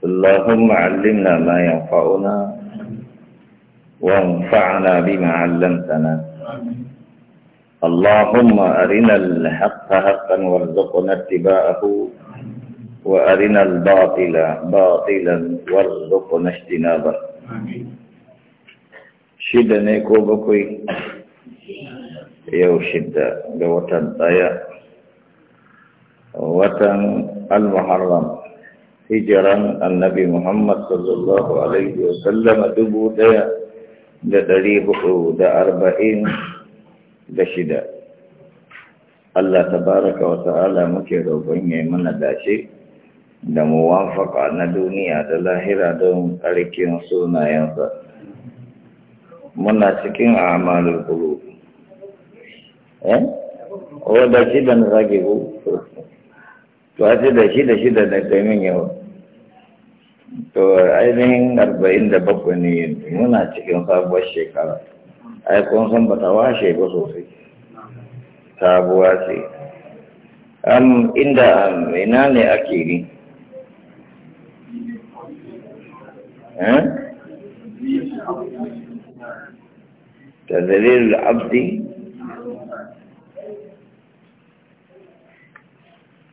اللهم علمنا ما ينفعنا وانفعنا بما علمتنا اللهم أرنا الحق حقا وارزقنا اتباعه وأرنا الباطل باطلا وارزقنا اجتنابه شدة نيكو بكوي يو شدة لوطن ضياء وطن المحرم hijiran annabi Muhammad sallallahu alaihi wasallam dubu daya da dari hudu da arba'in da shida. Allah tabaraka wa ta'ala muke roƙon ya mana dace da muwafaka na duniya da lahira don ƙarƙin sunayensa. Muna cikin amalul kulu. Eh? O da shi da na zage ku? To, a ce da shi da shi da na min yawa. to ainihin arba'in da bakwai ne muna cikin sabuwar shekara ai kun san ba ta washe ba sosai sabuwa ce am inda ina ne ake ni eh? Abdi,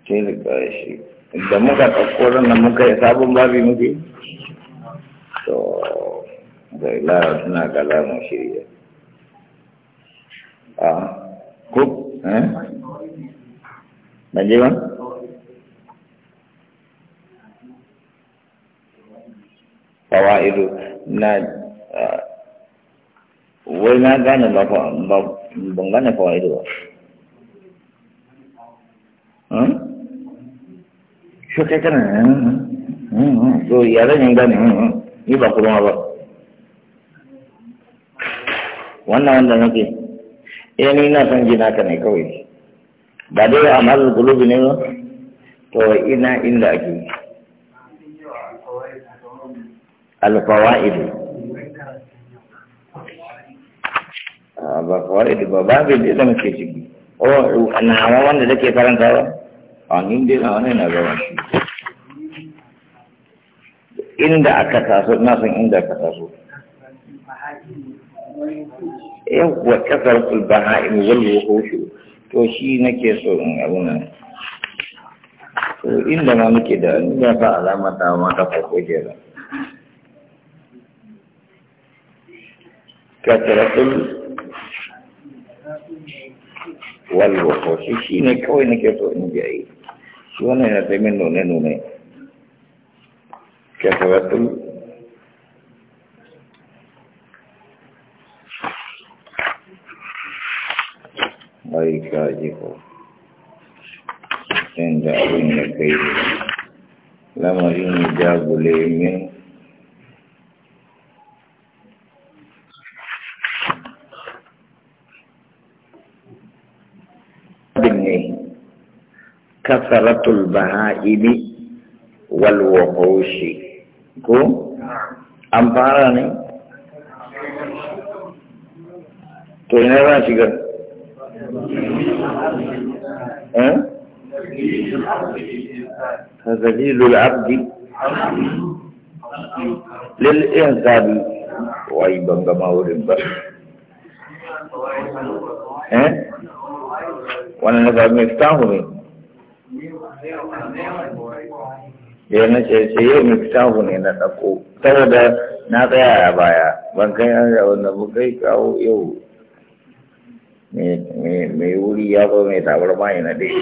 ke da ƙarshe da muka ɗauko nan muka yi sabon babi muke to ga ilawa suna kala mu shirya a ko eh ban je ba fawaidu na wai na gane ba ban gane fawaidu ba shi kai kana to ya zan yi gane ni ba kuma ba wannan wanda nake eh ni na san jina ka kawai ba dai a mazal kulubi to ina inda ake alfawa'idu ba fawa'idu ba babin da muke ciki o nawa wanda take karanta ba angin dia na ni nak gaban shi inda aka taso na san inda aka taso yawwa kasar kulbaha'in walwa hoshu to shi nake so in abu nan to inda ma muke da ya ba alama ta ma ta farko kenan kasaratul walwa hoshu shi ne kawai nake so in ji shi wannan ne, taimin nune-nune kefaratul bai kaji ko inda abin ya kai lamarin jagule min كثرة البهائم والوحوش كو أمباراني تو هنا راشي ها تذليل العبد للإنسان وعيبا كما أولم ها وانا نفع مفتاحه ya na ce ce yau miftahu ne na ɗauko saboda na tsaya a baya ban kai an da wanda mun kai kawo yau mai wuri ya zo mai tabar mai na dai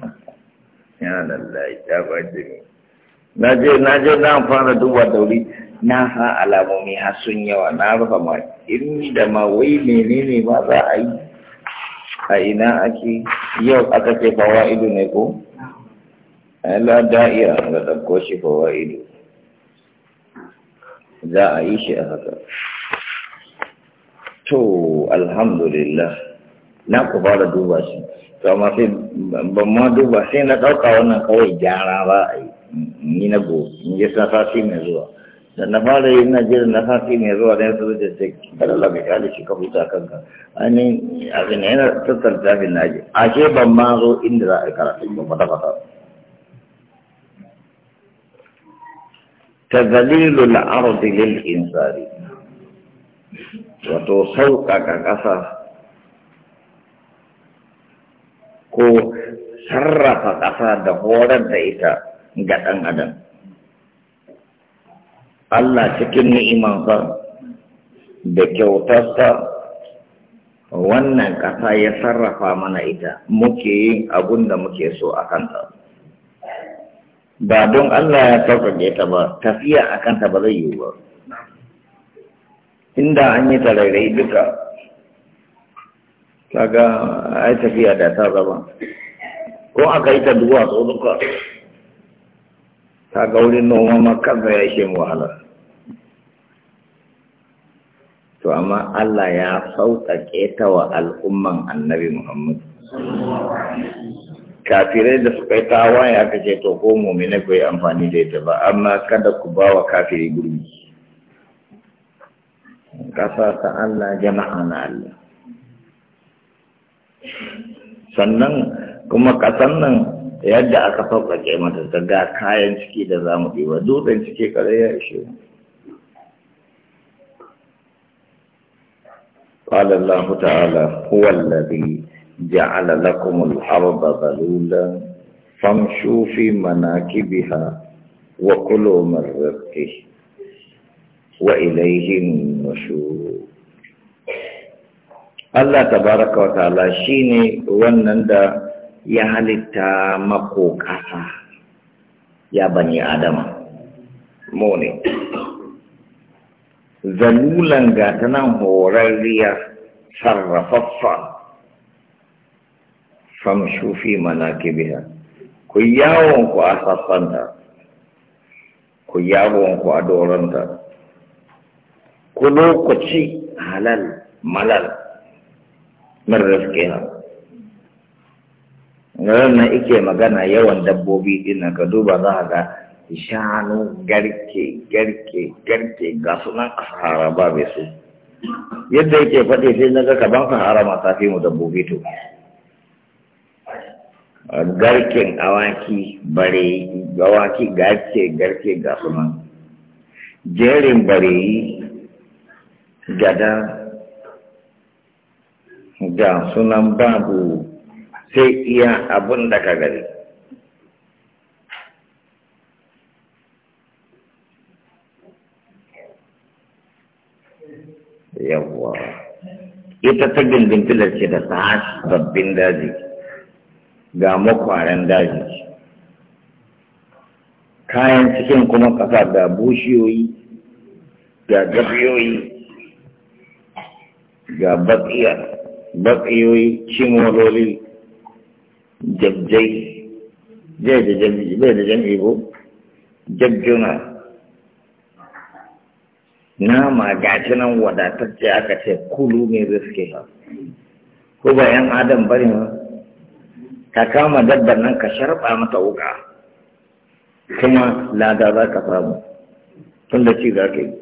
yana lallai ta bace ne na je na je na fara duba dauri na sa alamomi har sun yawa na rufa ma in da ma wai menene ma za a yi a ina ake yau aka ce fawa ido ne ko ala da'ira ga ɗauko shi ido za a yi shi a haka to alhamdulillah na ku fara duba shi to amma sai ban ma duba sai na ɗauka wannan kawai gyara ba a yi ni na go in yi sa mai zuwa da na fara yi na jira na sati mai zuwa da ya zuwa da ta kada la mai shi ka huta kanka ani abin yana tattar tafin na aje ashe ban ma zo inda za a yi karatu ba fata fata تذليل الأرض للإنسان sauƙaƙa ƙasa ko sarrafa ƙasa da horar da ita ga ɗan adam Allah cikin ni'imansa da kyautarsa wannan ƙasa ya sarrafa mana ita muke yin abun da muke so a kanta. ba don Allah ya sauƙaƙe ta ba tafiya a kanta ba zai yiwu ba inda an yi tarairai duka ga ai tafiya da ta zama ko aka yi ta duwa so duka ga wurin noma ma kansa ya shi wahala to amma Allah ya sauƙaƙe ta wa al'umman annabi Muhammad kafirai da suka yi tawaye aka ce to ko mumina ku yi amfani da ita ba amma kada ku ba wa kafiri gurbi kasa ta Allah jama'a na Allah sannan kuma kasan nan yadda aka ke mata ta ga kayan ciki da za mu ɗiba dutsen ciki kare ya ishe mu قال الله تعالى هو الذي جعل لكم الأرض ذلولا فامشوا في مناكبها وكلوا من رزقه وإليه النشور Allah tabaraka wa ta'ala shine wannan da ya halitta mako ƙasa ya bani adama mu ne zalulan gata nan horarriya sarrafaffa famshu fi manakibiha ku yawon ku a sassanta ku yawon ku a doranta ku lokaci halal malal min rizqiha ranar ike magana yawan dabbobi ina ka duba za ga shanu garke garke garke ga sunan sahara ba bai su yadda yake faɗi sai na ga kaban sahara masu fi mu dabbobi to garken awaki bare gawaki garke garke ga kuma jerin bareyi gada ga sunan babu sai iya abun da ka gari yawwa ita ta gindin filar ce da ta hashi babbin daji ga makwaren daji kayan cikin kuma kasa ga bushiyoyi ga gabiyoyi ga batsiyar batsiyoyi cimololi jabjai zai da jam'i bai da jam'i ko jabjuna nama gashi nan wadatacce aka ce kulu mai riske ko ba yan adam bari ma ka kama dabbar nan ka sharɓa mata wuka kuma lada za ka samu tun da ci za ka yi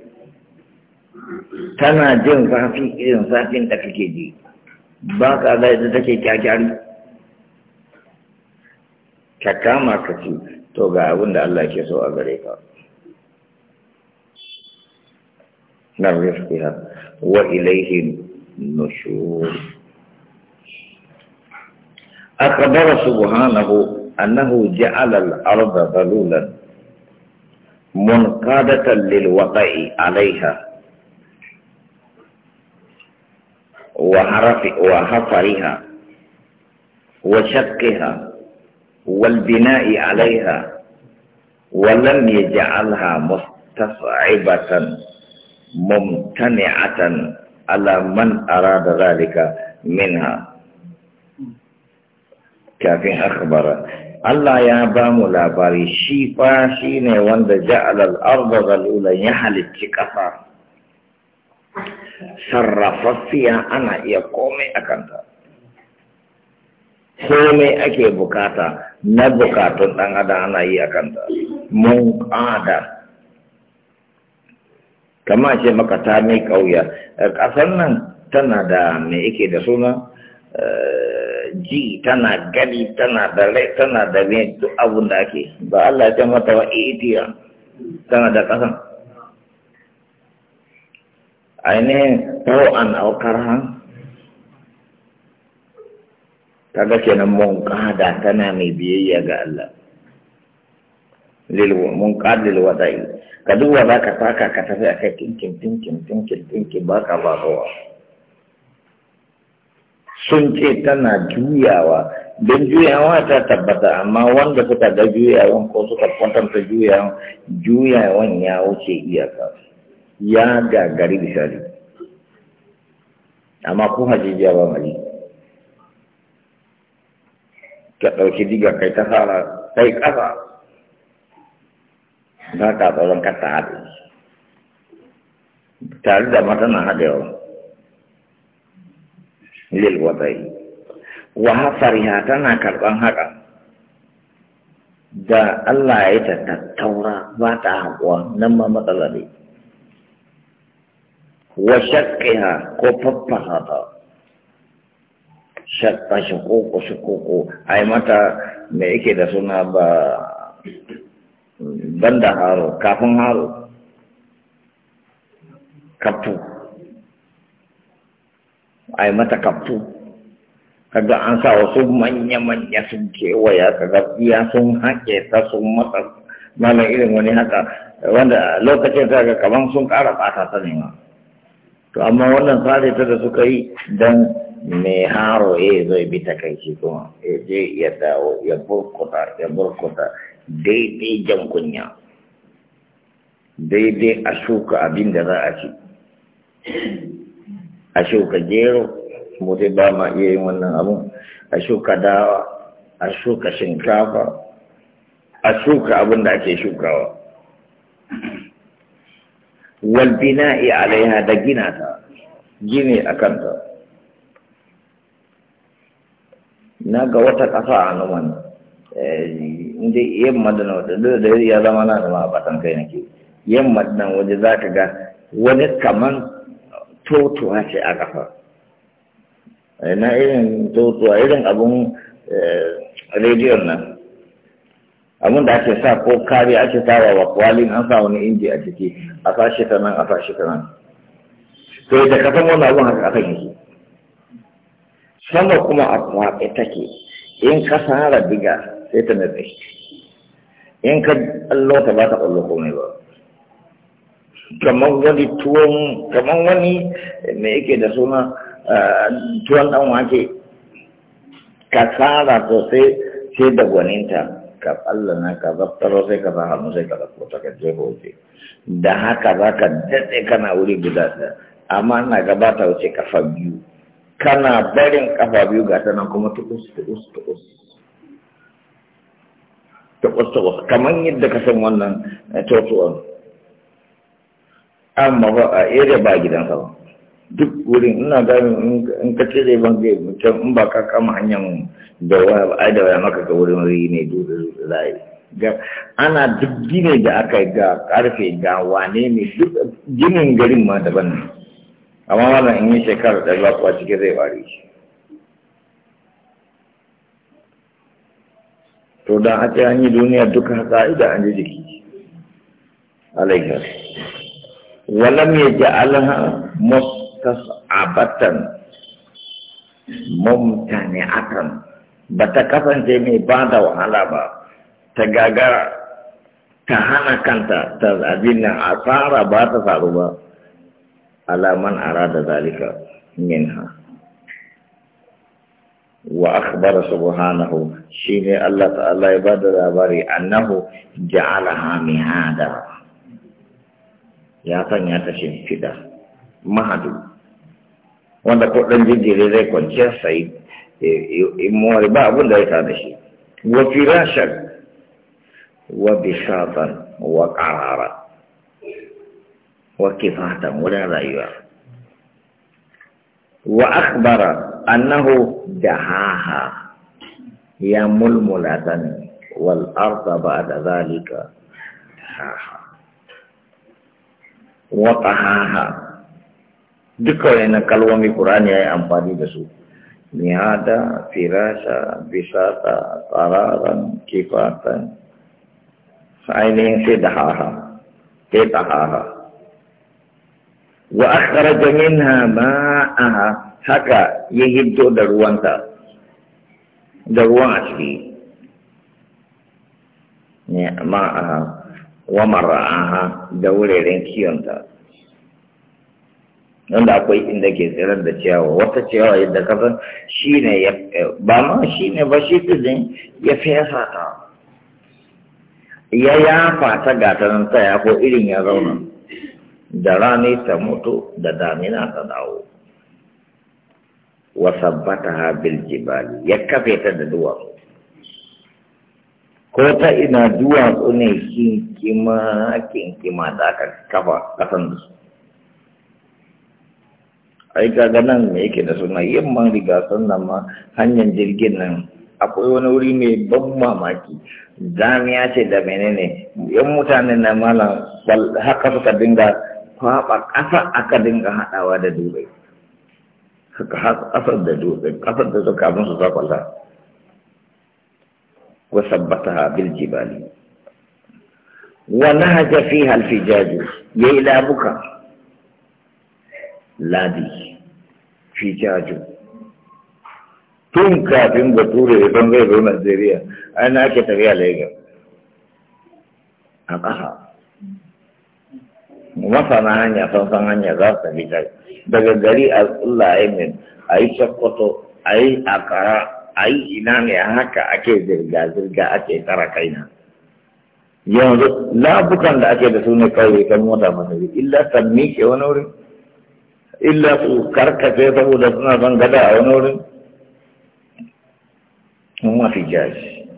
tana jin zafi irin zafin da kake ji ba ka da take kyakyari ka kama ka ci to ga abin da Allah ke so a gare ka na rifkiya wa ilaihin nushur أخبر سبحانه أنه جعل الأرض ذلولا منقادة للوقع عليها وحفرها وشقها والبناء عليها ولم يجعلها مستصعبة ممتنعة على من أراد ذلك منها kafin akbara Allah ya ba mu labari shi fa shi ne wanda ja'al al-arda zalulan ya halicci ƙasa sarrafaffiya ana iya komai a kanta komai ake bukata na bukatun ɗan adam ana yi a kanta mun ƙada kama ce maka ta mai ƙauya ƙasar nan tana da me yake da suna eh, ji tana gani tana da rai tana da mai duk abin da ake ba Allah ya mata wa eh, itiya tana da kasan ainihin ro'an aukar han ke nan mun kada tana mai biyayya ga Allah mun kadil wada'i ka duba za ka taka ka tafi a kai tinkin tinkin tinkin tinkin ba ka ba kowa sun ce tana juyawa don juyawa ta tabbata amma wanda suka ga juyawan ko suka kwatanta juyawan juyawan ya wuce iyaka ya gagari misali amma ko hajijiya ba mari ka ɗauki diga kai ta fara kai ƙasa za ka tsoron kasa haɗe tare da matana haɗewa lil wadai wa hafariha tana karban haka da Allah ya ta tattaura ba ta haƙuwa nan ma matsala ne wa shakkiha ko faffaha ta shakka shi koko shi koko ai mata me yake da suna ba banda haro kafin haro kafin Ai mata kafu kaga an sa wasu manya-manya sun kewaya kaga biya sun haƙe ta sun matsa mana irin wani haka wanda lokacin ta ga kaman sun kara fata ta nema to amma wannan tsari ta da suka yi don mai haro ya eh, zo bi ta kai shi kuma ya je ya dawo ya burkuta ya burkuta daidai jan kunya daidai a shuka abin da za a ci a shuka gero mu dai ba ma iya yin wannan abun a shuka dawa a shuka shinkafa a shuka abin da ake shukawa wal bina'i alaiha da gina ta gini a kanta na ga wata ƙasa a noman eh, inda yamma da wadda da ya zama na da ma a batan kai nake yamma da waje za ka ga wani kaman totuwa ce a ƙafa eh, na irin totuwa irin abun eh, rediyon nan abun da ake sa ko kari ake tara wa kwalin an sa wani inji a ciki a fashi ta nan a fashi ta nan to da kasan wani abun haka akan yi. sama kuma a kwaɓe take in ka sara diga sai ta nufi in ka allo ta ba ta ƙwallo komai ba kamar wani tuwon kamar wani me yake da suna eh, tuwon dan wake ka tsara sosai sai da gwaninta ka tsallana ka zaftaro sai ka zaha hannu sai ka zafi ta ka jefa wuce da haka za ka daɗe kana wuri guda ta amma gaba gabata wuce kafa biyu kana barin kafa biyu ga ta nan kuma tukus tukus tukus tukus tukus kamar yadda ka san wannan eh, totuwan amma ba a area ba gidansa ba duk wurin ina gani in ka cire ban ga mutum in ba ka kama hanyar da waya ba ai da waya maka ga wurin wuri ne dole zai ga ana duk gine da aka yi ga karfe ga wane ne duk ginin garin ma daban ne amma wannan in yi shekara ɗari ba kuwa cikin zai ware shi to da a ce an yi duniya duka haka idan an ji jiki alaikas ولم يجعلها مستصعبة ممتنعة بتكفن جميع بعد وعلى تجاجر تهانا كانت تزعجين أثار بات صاروبا على من أراد ذلك منها وأخبر سبحانه شيني الله تعالى يبادر أنه جعلها مهادا ya ya ta fida mahadu wanda ko kuɗin jinjiri zai kwanciya sai in imuwar ba abin da ya tada shi wa firashan wa bishatan wa qarara wa kifatan wurin rayuwa wa akhbara annahu dahaha ya mulmulatan wal arda ba'da zalika dahaha wa tahaha duk wayannan kalmomi Qur'ani ya yi ada, da firasa bisata qararan kifatan ainihin sai da haha wa akhraja minha ma'aha haka ya darwanta, da ruwanta ma'aha wa mara'aha da wuraren kiyonta wanda akwai inda ke tsirar da ciyawa wata ciyawa yadda kasan shi ne ya eh, ba ma shi ne ba shi tuzin ya fesa ta ya ya fata gata nan ko irin ya zauna da rani ta mutu da damina ta dawo wasabbata ha biljibali ya kafe ta da duwatsu ko ta ina duwatsu ne kinkima kinkima da aka kafa kasan da su ai kaga nan me yake da suna yamman riga sannan ma hanyar jirgin nan akwai wani wuri mai ban mamaki jami'a ce da menene yan mutanen na malam haka suka dinga kwaba ƙasa aka dinga haɗawa da dubai suka haɗa ƙasar da dubai kasar da suka abin su sakwala وثبتها بالجبال ونهج فيها الفجاج يلا بكى لادي فجاج تم كافين بطول بنغي رونا زيريا انا كتبيا ليغا اقها ما هنيا فانفانا هنيا غاصة فجاج بغداري الله ايمن اي سقطو اي اقرأ ai ina ne haka ake zirga-zirga ake tara kaina yanzu labukan da ake da su ne kawai kan mota masu illa san miƙe wani wurin illa su karkace saboda suna son gada a wani wurin mun mafi jaji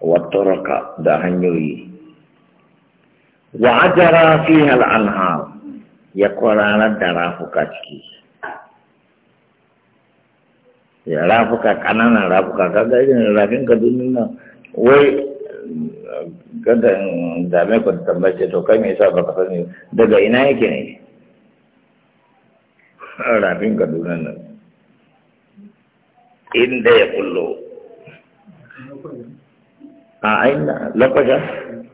wataraka da hanyoyi wa ajara fi anhar ya kwararar da rafuka ciki rafuka kananan rafuka kaga irin rafin kaduna nan wai kada dame ku da tambace to kai me yasa ba ka sani daga ina yake ne rafin kaduna nan inda ya kullo a aina lakwaja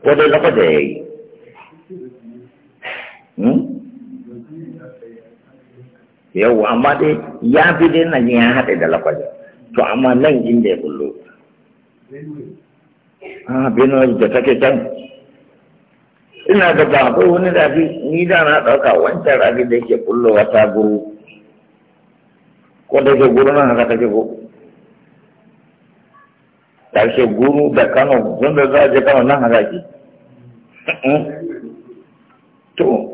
ko dai lakwaja ya yi hmm? yau amma dai ya fi dai nan ya haɗe da lakwaje to amma nan inda ya bullo a ah, benue da take can ina da ba akwai wani rafi ni da na ɗauka wancan rafi da yake bullowa wata guru ko da ke guru nan haka take ko ƙarshe guru da kano sun da za a je kano nan haka ke to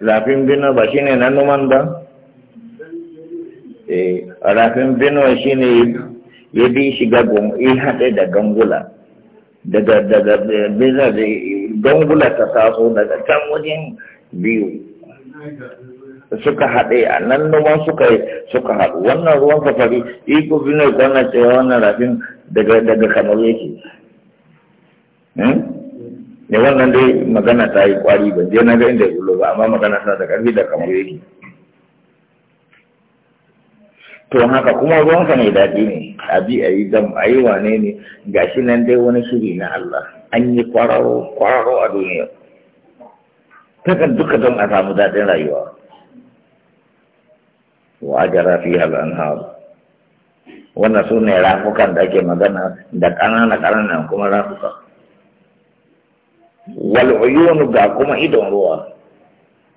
rafin bino ba shi ne na numan ba eh, rafin bino shi ne ya bi shiga ya haɗe da gangula daga daga bisa da gangula ta taso daga can wajen biyu suka haɗe a nan numan suka suka haɗu wannan ruwan safari iko bino kwanan cewa wannan rafin daga daga kamar yake hmm? ne wannan dai magana ta yi kwari ban je na ga inda ya bullo ba amma magana ta da karfi da kamar yake to haka kuma ruwanka mai daɗi ne abi a yi zam a yi wane ne shi nan dai wani shiri na Allah an yi kwararo kwararo a duniya takan duka don a samu daɗin rayuwa wa ajara fi hal anhar wannan su rafukan da ake magana da ƙanana ƙananan kuma rafukan wal uyunu ga kuma idon ruwa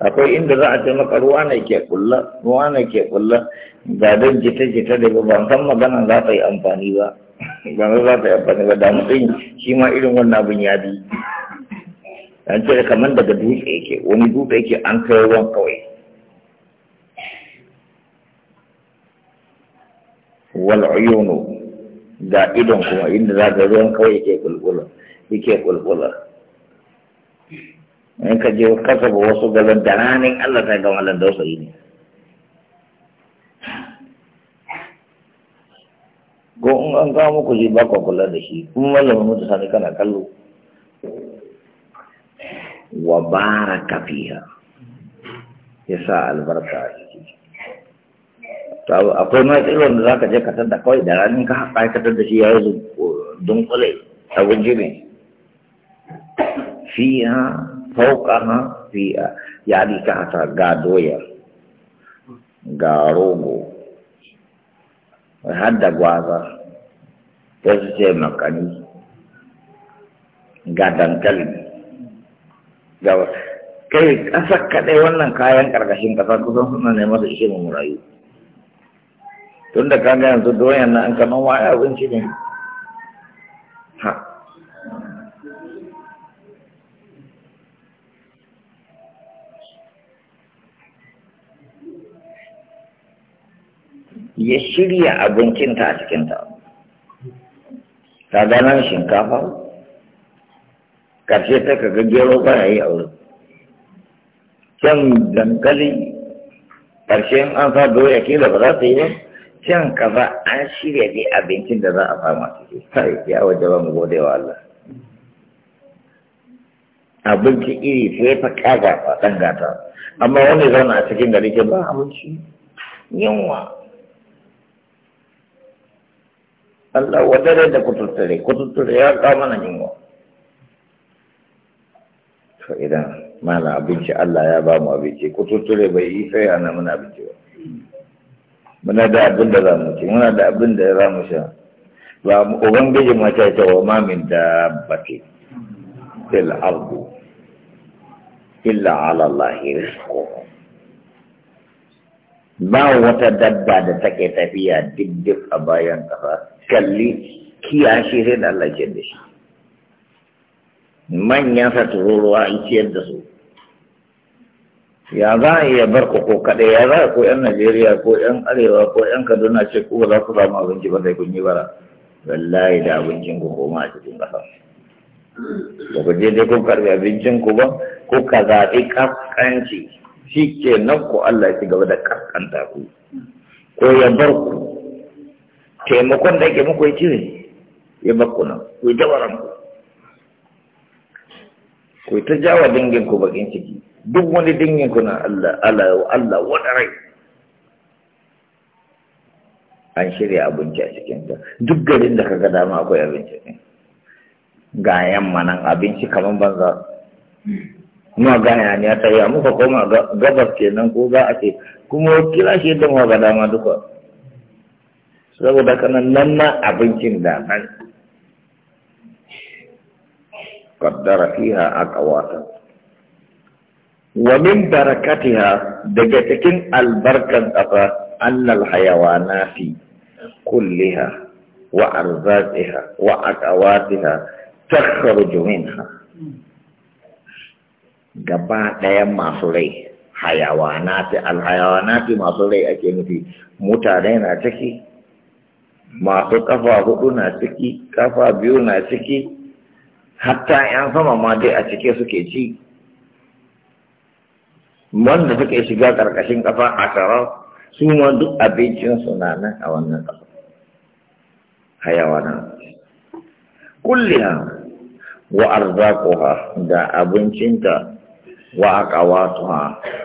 akwai inda za a ce maka ruwa ne ke kulla ruwa ne ke kulla ga don jita-jita da ban san magana za ta yi amfani ba ban za ta yi amfani ba da mutum shi ma irin wannan abin ya bi an ce kamar daga dutse yake wani dutse yake an kai ruwan kawai wal uyunu ga idon kuma inda za ta ruwan kawai yake kulkula yake kulkula in ka je kasa ba wasu gaban da ranin Allah ta gama lan dausa yi ne ko in an kawo muku ji ba ku kula da shi kuma malamin mutu sani kana kallo wa baraka fiha ya sa albarka a ciki akwai matsalar da za ka je ka tadda kawai da ranin ka haƙa ka tadda shi ya yi dunkule abin jini fiha fauqaha fi'a yani ka ta ga doya ga rogo gwaza ta su makani ga dankali ga kai ƙasa kaɗai wannan kayan ƙarƙashin ƙasa kusan suna ne masu ishe mu rayu tunda kaga yanzu doyan na an kaman waya abinci ne ya shirya abincinta a cikinta ta ganar shinkafa ƙarshe ta ka gero ba yi a wurin can dankali ƙarshen an sa doya da ba za ta yi ba can kaza an shirya ne abincin da za a fama ciki kai ya waje ba mu gode wa Allah abinci iri sai fa kaga fa dan gata amma wani zauna a cikin gari ke ba abinci yunwa Allah wa wadare da kututture kututture ya kama na yunwa to idan mana abinci Allah ya ba mu abinci kututture bai yi sai ana muna abinci ba muna da abin da za mu ci muna da abin da za mu sha ba mu ubangiji ma ta ce wa ma min dabbati fil ardu illa ala allahi rizquhu ba wata dabba da take tafiya diddik a bayan kasa kalli kiyashi sai da Allah ke da shi manyan sa ruwa an ciyar da su ya za a iya bar ko kaɗai ya za a ko yan Najeriya ko yan Arewa ko yan Kaduna ce ko ba za ku samu abinci ba sai kun yi bara wallahi da abincin ku koma a cikin ƙasa ba ku je dai kun karɓi abincin ku ba ko ka zaɓi ƙasƙanci shi ke nan ku Allah ya ci gaba da ƙasƙanta ku ko ya bar ku taimakon da ke muku ya cire ya bakku nan ku yi jabaran ku ku ta jawa dangin ku bakin ciki duk wani dangin ku na Allah Allah Allah wani rai an shirya abinci a cikin ta duk garin da kaga dama akwai abinci ne ga yamma nan abinci kaman banza kuma gana ne ta yi ko koma gabas kenan ko za a ce kuma kira shi yadda ma ga dama duka saboda kanan nan ma abincin da nan qaddara fiha aqwata wa min barakatiha daga cikin albarkan ƙasa annal hayawana fi kulliha wa arzaqiha wa aqwatiha takhruju minha gaba daya masu rai hayawana fi alhayawana fi masu rai ake nufi mutane na ciki masu kafa hudu na ciki kafa biyu na ciki hatta yan sama ma dai a cike suke ci wanda suke shiga karkashin kafa a tara su ma duk su na nan a wannan kafa hayawanan kulliya wa arzakuha da abincinta wa aqawatuha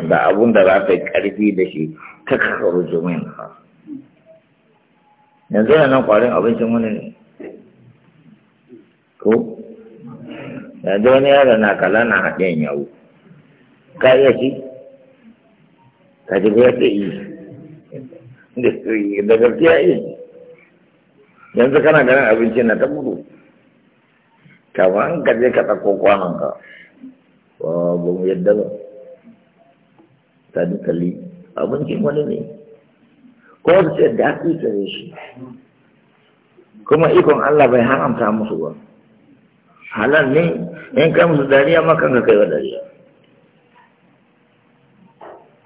da abun da za ta yi karfi da shi ta kakaru jumin ha yanzu yana nan kwarin abincin wani ne ko yanzu wani yaro na kala na haɗin yawo ka iya shi ka ji ya ce yi da gaskiya yi yanzu kana ganin abincin na ta gudu kama an ka je ka ɗauko kwanon ka ba mu yadda ba ta dukali abincin wani ne ko da ce daɗi gare shi kuma ikon Allah bai haramta musu ba halal ne in kai musu dariya ma kanka kai wa dariya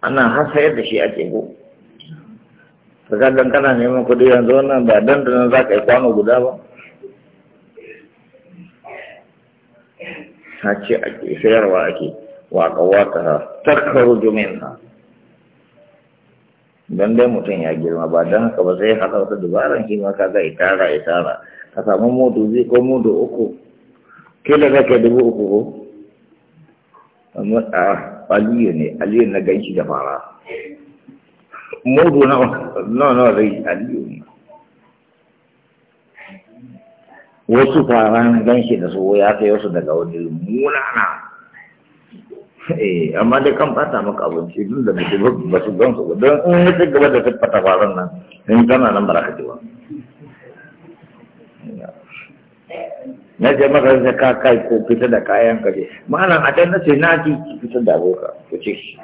ana hasayar da shi a ko ta ga kana neman kuɗi yanzu wannan ba dandanan za ka yi kwano guda ba ta ce ake sayarwa ake waƙa-waƙa ta karu jumin nan don dai mutum ya girma ba don haka ba sai haka wata dubaran shi ma kaga ya tara ya tara ka samu mudu zai ko mudu uku ke za ka dubu uku ko aliyu ne aliyu na gan shi da fara mudu nawa nawa zai aliyu ne wasu fara na da su ya kai wasu daga wani munana eh amma dai kan fata maka abinci dun da mutum ba su gan su don in ya ci gaba da fata faran nan in kana nan ba za ka ji ba na ce maka da ka kai ko fita da kayan ka ce malam a dan na ce na ji ki fita da boka ko ce shi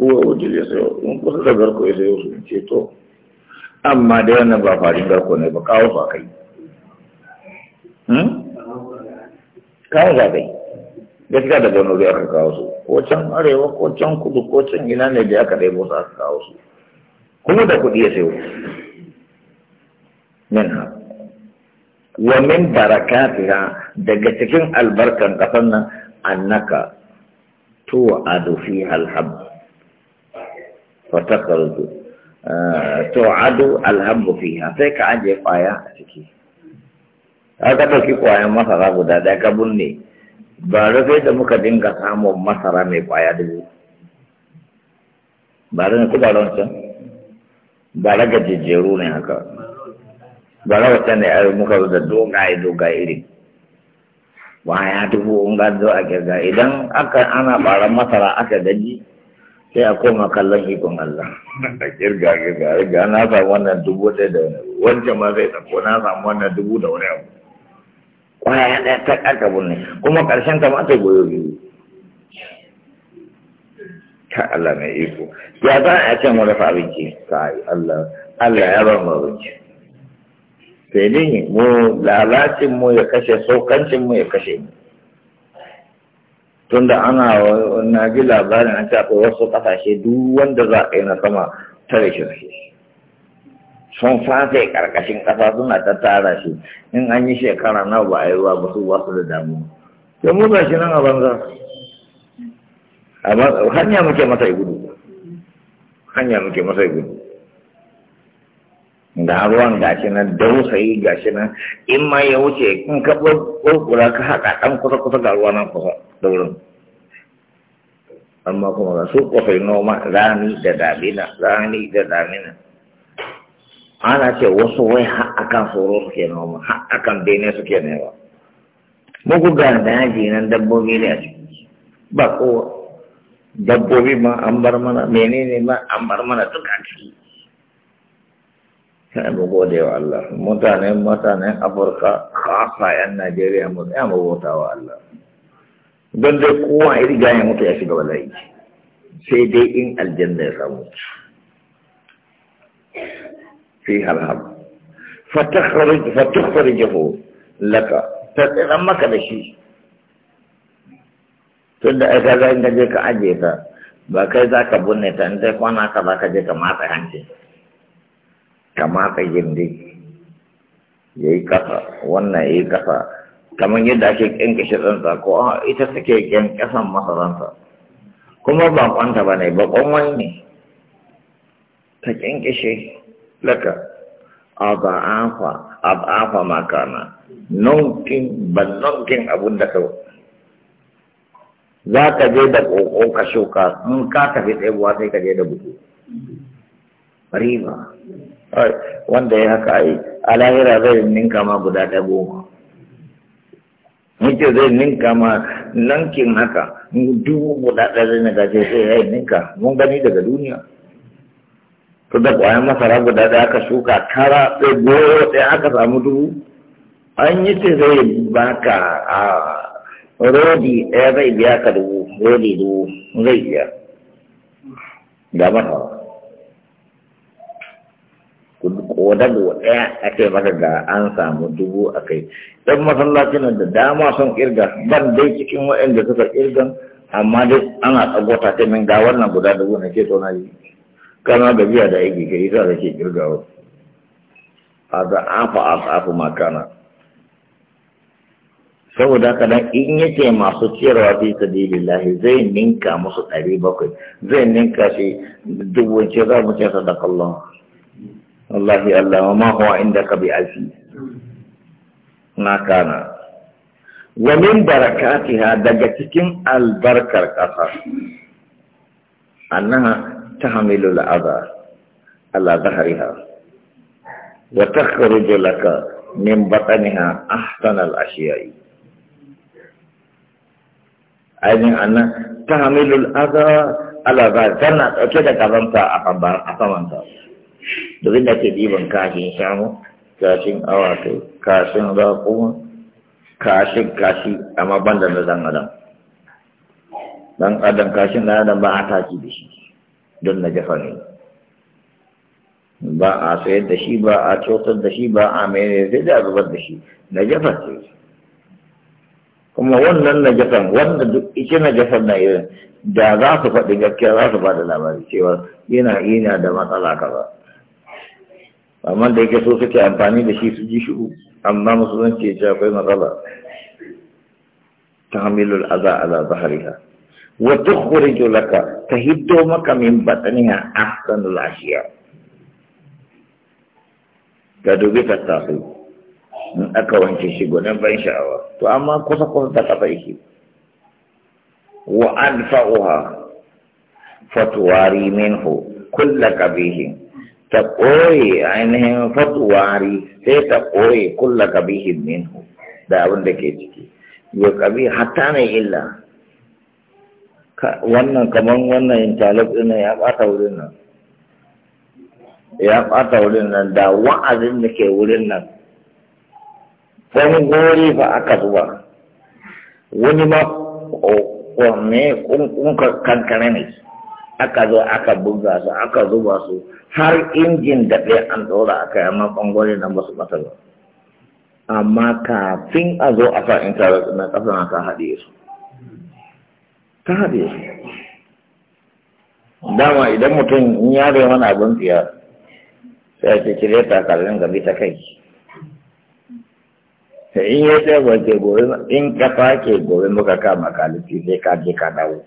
uwa wuce ya sayo in kusa da garko ya sayo su ce to amma da wannan ba farin garko ne ba kawo ba a kai hmm? kawo ba kai gaskiya daga wani wuri aka kawo su ko can arewa ko can kudu ko can ina ne da aka ɗebo su aka kawo su kuma da kuɗi ya sayo min ha wa min barakatiha daga cikin albarkan ƙasar nan annaka adu fi alhabb fa adu tu'adu fi ah, fiha sai ka aje kwaya a ciki ka ɗauki kwayan masara guda ɗaya ka bunne ba sai da muka dinga samun masara mai kwaya dubu ba da kuɗa wancan ba raga jejeru ne haka ba raga can ne ai muka zo da dogaye doga iri ya dubu in ga zo a kirga idan aka ana baran masara aka gaji sai a koma kallon ikon Allah da kirga kirga a na samu wannan dubu ɗaya da wani wancan ma zai tsako na samu wannan dubu da wani abu kwaya ɗaya ta ƙarƙa bunne kuma ƙarshen ta mata goyo biyu ta Allah mai iko ya za a ce mu dafa abinci kai Allah Allah ya ba mu abinci sai dai mu lalacin mu ya kashe saukancin mu ya kashe mu tunda ana na ji labarin a ce akwai wasu ƙasashe duk wanda za a yi na sama tare shi sun fata ƙarƙashin ƙasa suna ta tara shi in an yi shekara na ba a yi ruwa ba su wasu da damu sai mu ba shi nan a banza hanya muke masa gudu hanya muke masa gudu da ruwan gashi nan sai gashi nan in ma ya wuce in ka kurkura ka haɗa ɗan kusa kusa ga ruwa nan kusa da wurin amma kuma su kwafai noma rani da damina rani da damina ana ce wasu wai har akan tsoro suke noma har akan bene suke nema muku ga daji nan dabbobi ne a ciki ba ko dabbobi ma an bar mana menene ma an bar mana duk a ciki sai mu gode wa Allah mutanen mutanen Afirka kasa yan Najeriya mu tsaya mu bauta wa Allah don dai kowa ya riga ya mutu ya shiga bala'i sai dai in aljanna ya samu فيها الهم فتخرج فتخرجه لك تقول بشيء tunda ai kaga in je ka aje ta ba kai za ka binne ta in dai kwana ka za ka je ka matsa hanci ka matsa ya yi kasa wannan ya yi kasa kamar yadda ake kyankashe ɗansa ko ita take kyankasan masaransa kuma ba kwanta ba ne ba ne ta kyankashe laka aba afa makana nonkin ban nonkin abun da kau za ka je da ƙoƙo ka shuka in ka tafi tsayawa sai ka je da buhu riba wanda ya haka ai alahira zai ninka ma guda ɗaya goma muke zai ninka ma nankin haka dubu guda ɗaya zai na gaje sai ya ninka mun gani daga duniya to da ƙwayan masara guda da aka shuka tara sai goro ɗaya aka samu dubu an yi ce zai baka a rodi ɗaya zai biya ka dubu rodi dubu zai biya ga masara kodabo ɗaya ake maka ga an samu dubu a kai ɗan na da dama son kirga ban dai cikin waɗanda suka kirgan amma dai ana tsagwata ta min ga wannan guda dubu na ke tona yi karena gajiya da aiki ka ada da ke ada a apa afa afa afa makana saboda haka nan in yake masu ciyarwa fi sabilillahi zai ninka musu ɗari bakwai zai ninka shi dubu ce za mu ce sadakallah wallahi Allah ma huwa inda ka bi alfi na kana wa min barakatiha daga cikin albarkar ƙasa annaha تحمل الأذى على ظهرها وتخرج لك من بطنها أحسن الأشياء أي أن تحمل الأذى على ظهرها كان كده كذنت أخبار أخبار domin da ke ɗiban kashin shanu kashin awaki kashin raƙuma kashin kashi amma ban da dan adam dan adam kashin na adam ba a tashi da shi دون نجحوني با آسوه دشی با آچوت دشی با آمینه زید اغبت دشی نجفه چیز کما ون نن نجفن ون ایچه نجفن نایرن دا راس فتنگا کیا راس فتنگا کیا راس فتنگا چیوان اینا اینا دا ما تلا کرا اما دیکھ سو سکی امپانی دشی سجی شو اما مسلم چیچا پر نظر تعمل الازا على ظهرها وتخرج لکا ta hiddo maka min bataniha ahsanul ashiya ka dubi tattafi in aka wanke shi gwanin ban sha'awa to amma kusa kusa ta kafa yake wa anfa'uha fatuwari minhu kulla kabihin ta koye ainihin fatuwari sai ta koye kulla kabihin minhu da abin da ke ciki yau kabi hatta mai illa wannan kaman wannan talib din ya ɓata wurin nan ya ɓata wurin nan da wa'azin da ke wurin nan wani gori ba aka zuwa wani ma kwanne kunka kankare ne aka zo aka buga su aka zuba su har injin da ɗaya an ɗora aka yi amma ɓangare nan ba su ɓata ba amma kafin a zo a sa in tare na ƙasa na ta haɗe su ta haɗe dama idan mutum in ya bai wani abin tsiya sai a ce cire takalmin ta kai sai in ya ce ba ke gobe in kafa ke gobe muka kama kalifi sai ka je ka dawo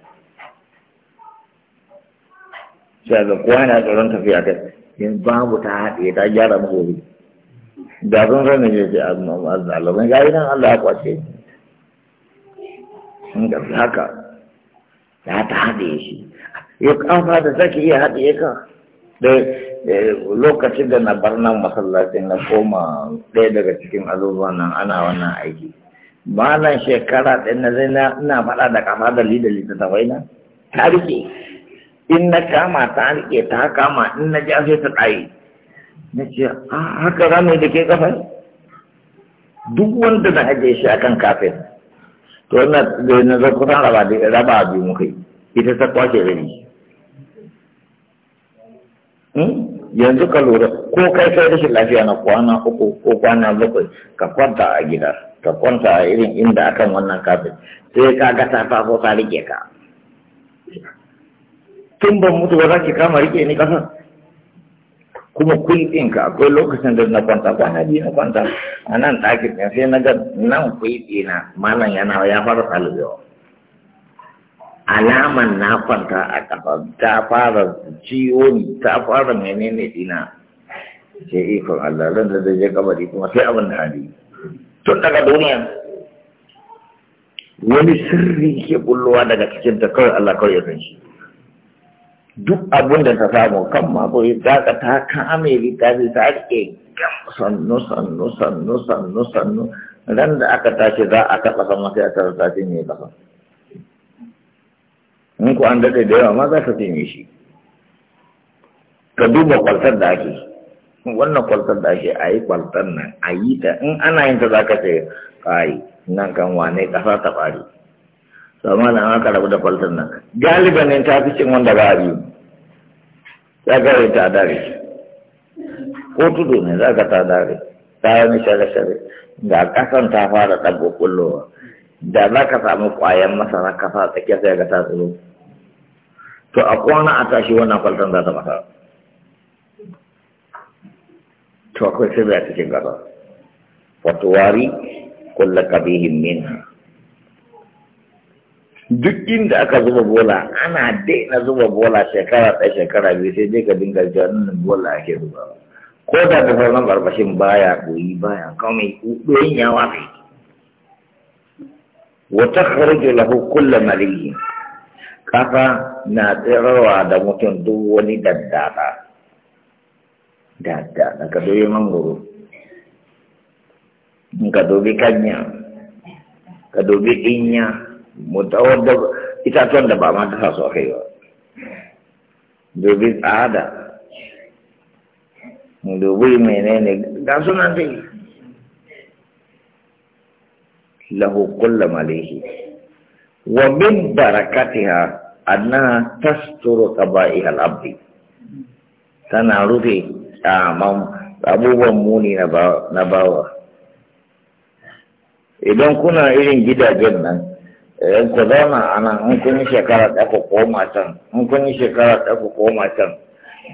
sai ga kowa na tsoron tafiya kai in babu ta haɗe ta gyara mu gobe da sun ranar ya ce azalaban gayi nan Allah ya kwace in gabi haka ya ta haɗe shi ya fata da take iya haɗe ka da lokacin da na bar nan masallacin na koma ɗaya daga cikin azuzuwa nan ana wannan aiki nan shekara ɗin na zai na faɗa da kama da lidali ta tawai na ta rike in na kama ta rike ta kama in na ji sai ta ɗaye na ce ah, haka rami da ke kafa duk wanda na ajiye shi akan kafin to na da na zai kusan raba biyu muka yi ita ke kwace rabi hmm? yanzu ka lura ko kai kai rashin lafiya na kwana uku ko kwana bakwai ka kwanta a gida ka kwanta irin inda akan wannan kafin sai ka ga ta fafo ta rike ka tun ban mutu ba za ki kama rike ni kasan kuma kul ɗinka akwai lokacin da na kwanta kwana biyu na kwanta a nan ɗakin ɗin sai na ga nan kul ɗina malam yana ya fara talibewa alaman na kwanta a ƙafa ta fara ciwo ta fara menene ɗina ce ikon Allah ran da zai je kabari kuma sai abin da hali tun daga duniya wani sirri ke bullowa daga cikin ta kawai Allah kawai ya san shi duk abin da ta samu kan mako za ka ta kame littafi ta rike sannu sannu sannu sannu sannu ran da aka tashi za a taɓa san masu a tara tafi ne kafa in ku an daɗe da yawa ma za ka mai shi ka duba kwaltar da ake wannan kwaltar da ake a yi kwaltar nan a yi ta in ana yin ta za ka ce kai nan kan wane ƙasa ta faru. kama na haka rabu da faltar nan galiban ne ta fi cin wanda ba a biyu ya gare ta dare ko tudu ne za ka ta dare ta yi ni shari-shari da kasan ta fara ɗago kullowa da za ka samu ƙwayan masana kasa tsakiya sai ka ta tsoro to a kwana a tashi wannan faltar za ta masa to akwai sirri a cikin gaba fatuwari kulla kabihin minha duk inda aka zuba bola ana daina zuba bola shekara ɗaya shekara biyu sai dai ka dinga janunan bola ake zuba ko da da sauran barbashin baya koyi baya kawai ɗoyin ya kai. wata kharjo lahu kulle maliyin kafa na tsirarwa da mutum duk wani daddada daddada ka doyi mangoro ka dobi kanya ka dobi ɗinya mu dawar da itatuwan da ba ma ta sa su aka yi ba dubi tsada dubi menene ga sunan dai lahu kulla malihi wa min barakatiha annaha tasturu qaba'iha al-abdi tana rufe tsaman abubuwan muni na bawa idan kuna irin gidajen nan in eh, ku zauna a nan in kun yi shekara ɗaya ku koma can in kun yi shekara ɗaya ku koma can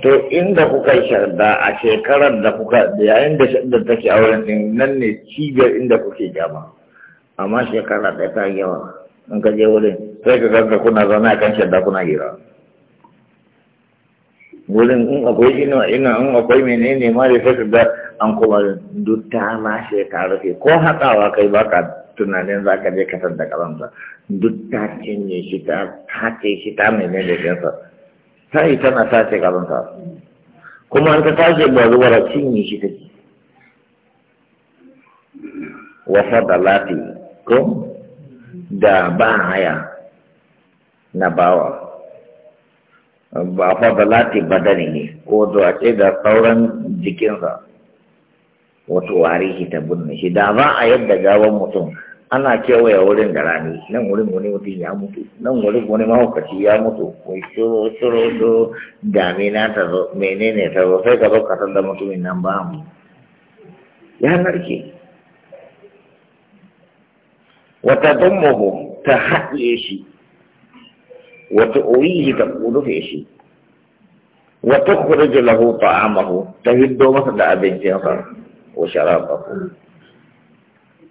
to inda kuka yi sharda a shekarar da kuka da, yayin da shaɗa take a wurin din nan ne cibiyar inda kuke jama amma shekara ɗaya ta yawa in ka je wurin sai ka ganka kuna zaune a kan sharda kuna gira wurin in akwai ina ina in akwai menene ma da sai ka ga an kuma duk ta ma shekaru ko haɗawa kai baka tunanin za ka je kasar da karanta duk ta cinye shi ta tace shi ta mene da jinsa ta yi tana tace karanta kuma an ta tace ba zuwa cinye shi ta ke wasa da lati ko da ba haya na bawa ba fa da lati badani ne ko da ce da sauran jikinsa wato warihi ta binne shi da ba a yadda gawan mutum ana kewaye wurin da rani nan wurin wani mutum ya mutu nan wurin wani mahaukaci ya mutu mai shiro shiro shiro damina ta zo menene ta zo sai ka zo ka san da mutumin nan ba mu ya narke wata dummuhu ta haɗe shi wata oyi ta rufe shi wata jilahu ta amahu ta hiddo masa da abincinsa وشرابه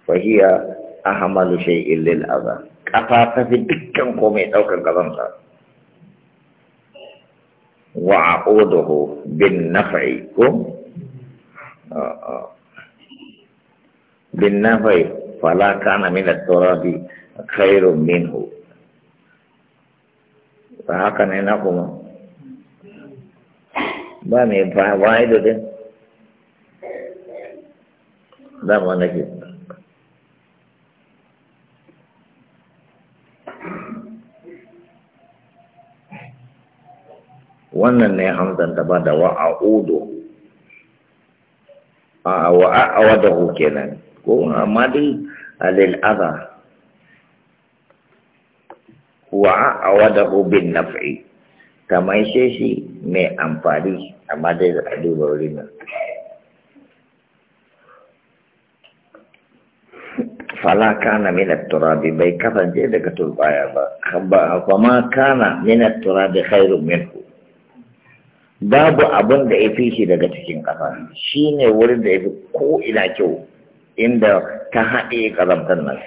فهي أهمل شيء للأذى كفاك في دكا قومي أو كالقضمسة وعقوده بالنفع كم بالنفع فلا كان من التراب خير منه فهكذا نقوم بامي فوائد ده dama nake wannan ne hamzan ta ba da wa'a'udu a wa'a'awadahu kenan ko amma dai alil adha da bin naf'i kamar shi mai amfani amma dai a duba wurin nan fala kana min turabi bai kasance daga turbaya ba kuma kana min turabi khairun minhu babu abin da ya fi shi daga cikin ƙasa shi ne wurin da ya fi ko ina kyau inda ta haɗe ƙazamtar nan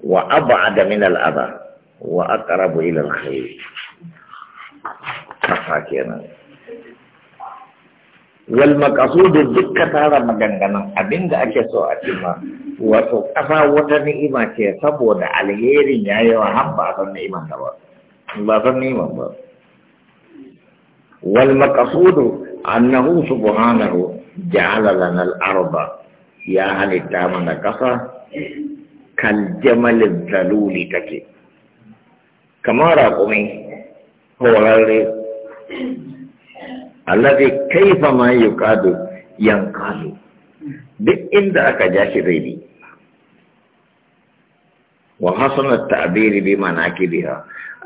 wa abada min al'ada wa aqrabu ila alkhair kafa kenan wal maqasudu dukka tara maganganun abinda ake so a cima wato kafa wata ni'ima ce saboda alherin yayi wa har ba san ni'iman da ba ba san ni'iman ba wal maqasudu annahu subhanahu ja'ala lana al ya halitta mana kasa kal jamal zaluli take kamar raƙumi horarre allazi kaifa ma yuqadu yanqalu duk inda aka ja shi zai bi wa hasanat ta'biri bi manakibiha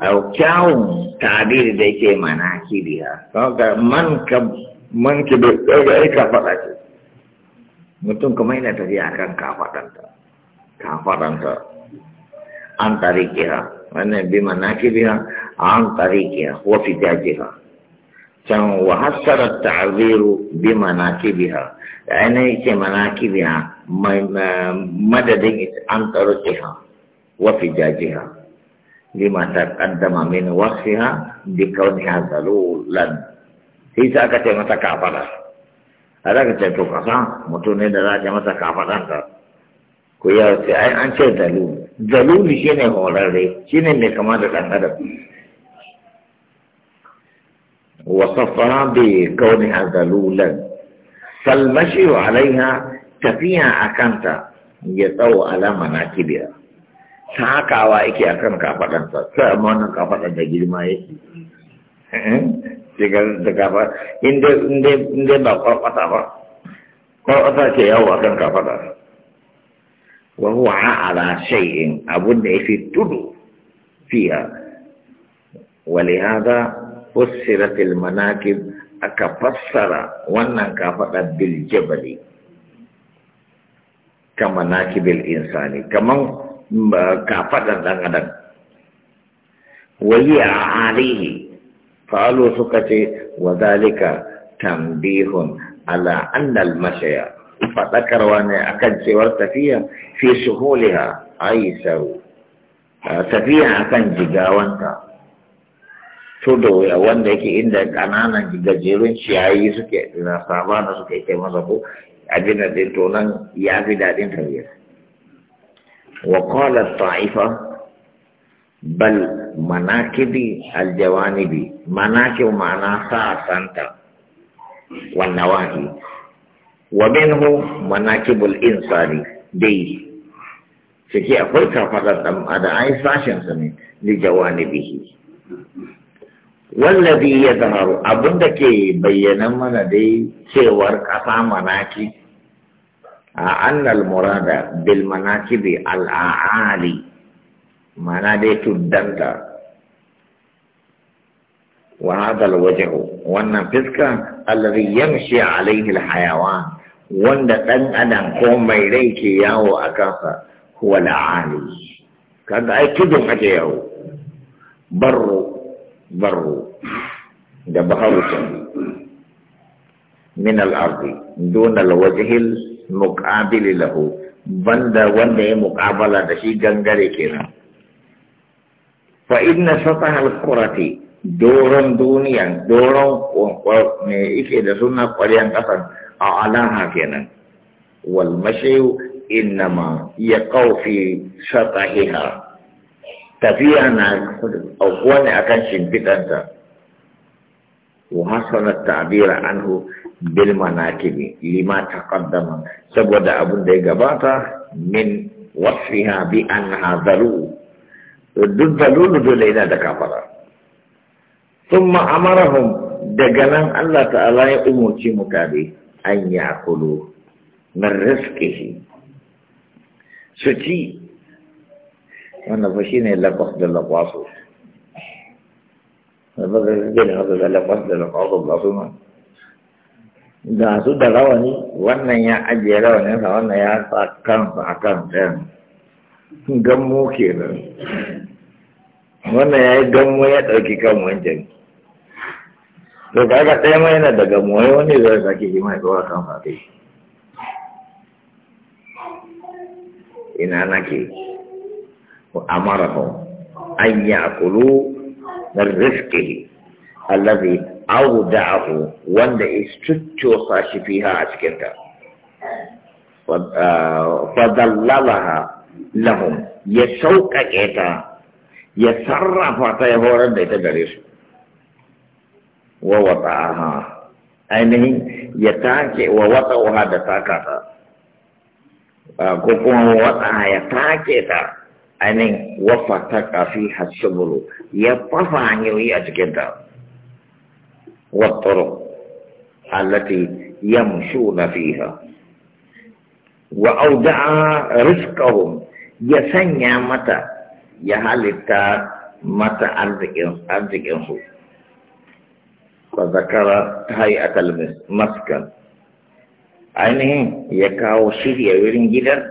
aw kyawun ta'biri da yake manakibiha kaga man ka man ki da kaga ka fada ce mutum kuma yana tafiya akan kafadanta kafadanta an tariqiha wannan bi manakibiha an tariqiha wa fidajiha can wa hassara ta'aziru bi manakibiha da ainihin yake manakibiha madadin an tsaro tsiha wa fijajiha lima ta kaddama min wasiha bi kauniha zalulan sai ta aka ce mata kafada a daga ce to kasa mutum ne da za a ce mata kafadan ta ku yi ai an ce zalul zaluli shine horarre shine mai kama da ɗan adam وصفها بكونها ذلولا فالمشي عليها تفيها أكنت يطو على مناكبها sakawa yake akan kafadansa sai amma wannan kafadan da girma yake shigar da kafa inda inda inda ba kwarkwata ba kwarkwata ce yawo akan kafada wa ala shay'in abun da yafi tudu fiya ولهذا fassiratil manakib aka fassara wannan faɗa bil jabali ka manakibil insani kaman kafaɗar ɗan adam wayi a alihi falo suka ce wa zalika tambihun ala annal mashaya faɗakarwa ne akan cewar tafiya fi suhuliha aisau tafiya akan jigawanta su da wuya wanda yake inda kananan gajerun ciyayi suke na sabana suke ke masa ko abin da ɗin to nan ya fi daɗin tafiyar wa qala ta'ifa bal manakibi aljawanibi manakib ma'ana sa santa wan nawahi wa minhu manakibul insani dai ciki akwai kafadar dan adam ai sashen sani ne li jawanibihi wallazi ya zamaru abin da ke bayyana mana dai cewar ƙasa manaki a annal murada bil bi al'ali mana dai tuddanta wa hadal wajhu wannan fiska allazi yamshi alaihi alhayawan wanda dan adam ko mai rai ke yawo a kansa huwa al'ali kaga ai tudun ake yawo Barru. barru da baharu min ardi da al-wajhi al lahu banda wanda ya muqabala da shi gangare kenan fa inna sataha al-qurati doron duniya doron me yake da suna ƙwaryan ƙasar a alaha kenan wal mashayu ma ya sata satahiha tafiya na aukuwa ne akan shimfiɗanta wa hasanar ta'abira bilma na kimi lima kaddama, saboda abun da ya gabata min wasfiha bi ha dalu duk da dole yana da kafara sun ma'amarahun daga nan Allah ta'ala ya umarci mutane an na min shi, su ci wannan fa shine labas da labasu labas da gani haka da labas da labasu ba su ma da su da rawani wannan ya ajiye rawaninsa wannan ya sa kansa a kan ɗayan gammo ke nan wannan ya yi gammo ya ɗauki kan wancan to kaga ɗaya ma yana da gammo ya wani zai sake shi mai tsawa kan fatai ina nake وأمرهم أن يأكلوا من رزقه الذي أودعه وند استجو خاش فيها أشكتا فضللها آه، لهم يسوق كيتا يصرف تيهورا ديتا دريس ووضعها أينه يتاكي ووضعها دتاكتا ko kuma wata ya take ainihin wafa ta kafi hasubulu ya fafa hanyoyi a cikin ta wattoro allati yamshu na fiha wa auda'a rizqahum ya sanya mata ya halitta mata arzikin arzikin su wa zakara hay'atal maskan ainihin ya kawo shirya wurin gidan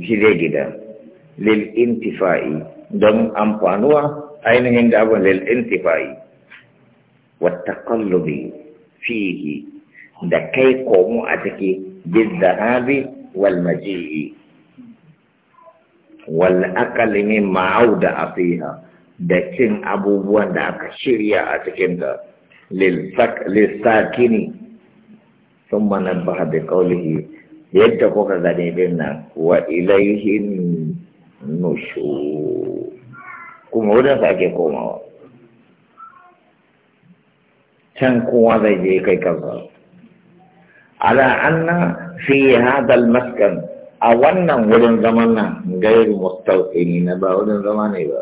ci zai da lil intifa'i don amfanuwa ainihin da abin lil intifa'i wa taqallubi fihi da kay ko mu a bil dhahabi wal maji'i wal aqali min ma'auda fiha da cin abubuwan da aka shirya a cikin da lil sakini ثم نبه بقوله yadda kuka gani din nan wa ilaihin nushu kuma wurin sa ake komawa can kowa zai je kai kansa ala anna fi hadal maskan a wannan wurin zaman nan gairu mustaqini na ba wurin zama ne ba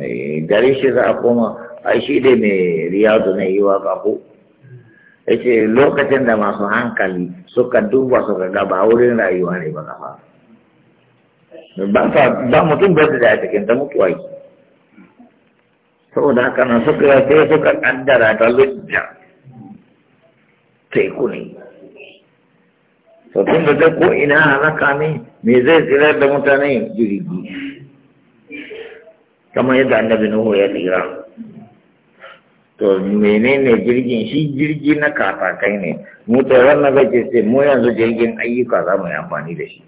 eh, gare shi za a koma a shi dai mai riyadu na yi wa ko yace lokacin da masu hankali suka duba suka ga ba wurin rayuwa ne ba kafa ba mutum ba da ya cikin ta mutuwa yi saboda haka nan suka yi sai suka kaddara ta lujja teku ne to tun da dai ko ina halaka ne me zai tsira da mutane jirgi kamar yadda annabi nuhu ya tsira to menene jirgin shi jirgi na katakai ne mu tsoron na zai ce mu yanzu jirgin ayyuka za mu yi amfani da shi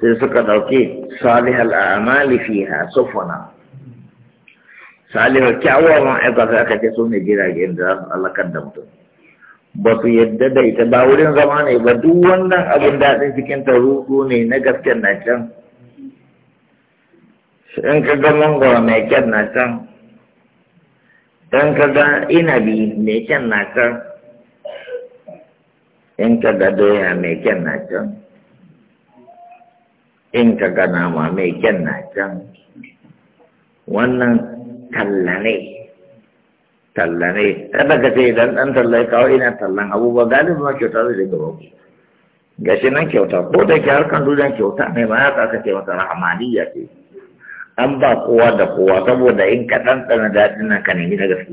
sai suka ɗauki salihal amali fiha sufuna salihal kyawawan ayyuka sai aka ce su ne jiragen da za su halakar da mutum ba su yadda da ita ba wurin zama ne ba duk wannan abin daɗin cikin ta ruɗu ne na gaske na can in ka ga mangoro mai kyan na can don kaga inabi mai kyan na kan in kaga doya mai kyan na can in kaga nama mai kyan na can wannan talla ne talla ne kada ka ce idan ɗan talla ya kawo ina tallan abubuwa galibin ma kyauta zai daga babu gashi nan kyauta ko da ke harkar dujan kyauta ne ma ya ka ce masa rahamaniya ce an ba kowa da kowa saboda in ka ɗanɗana daɗin nan ka nemi na gaske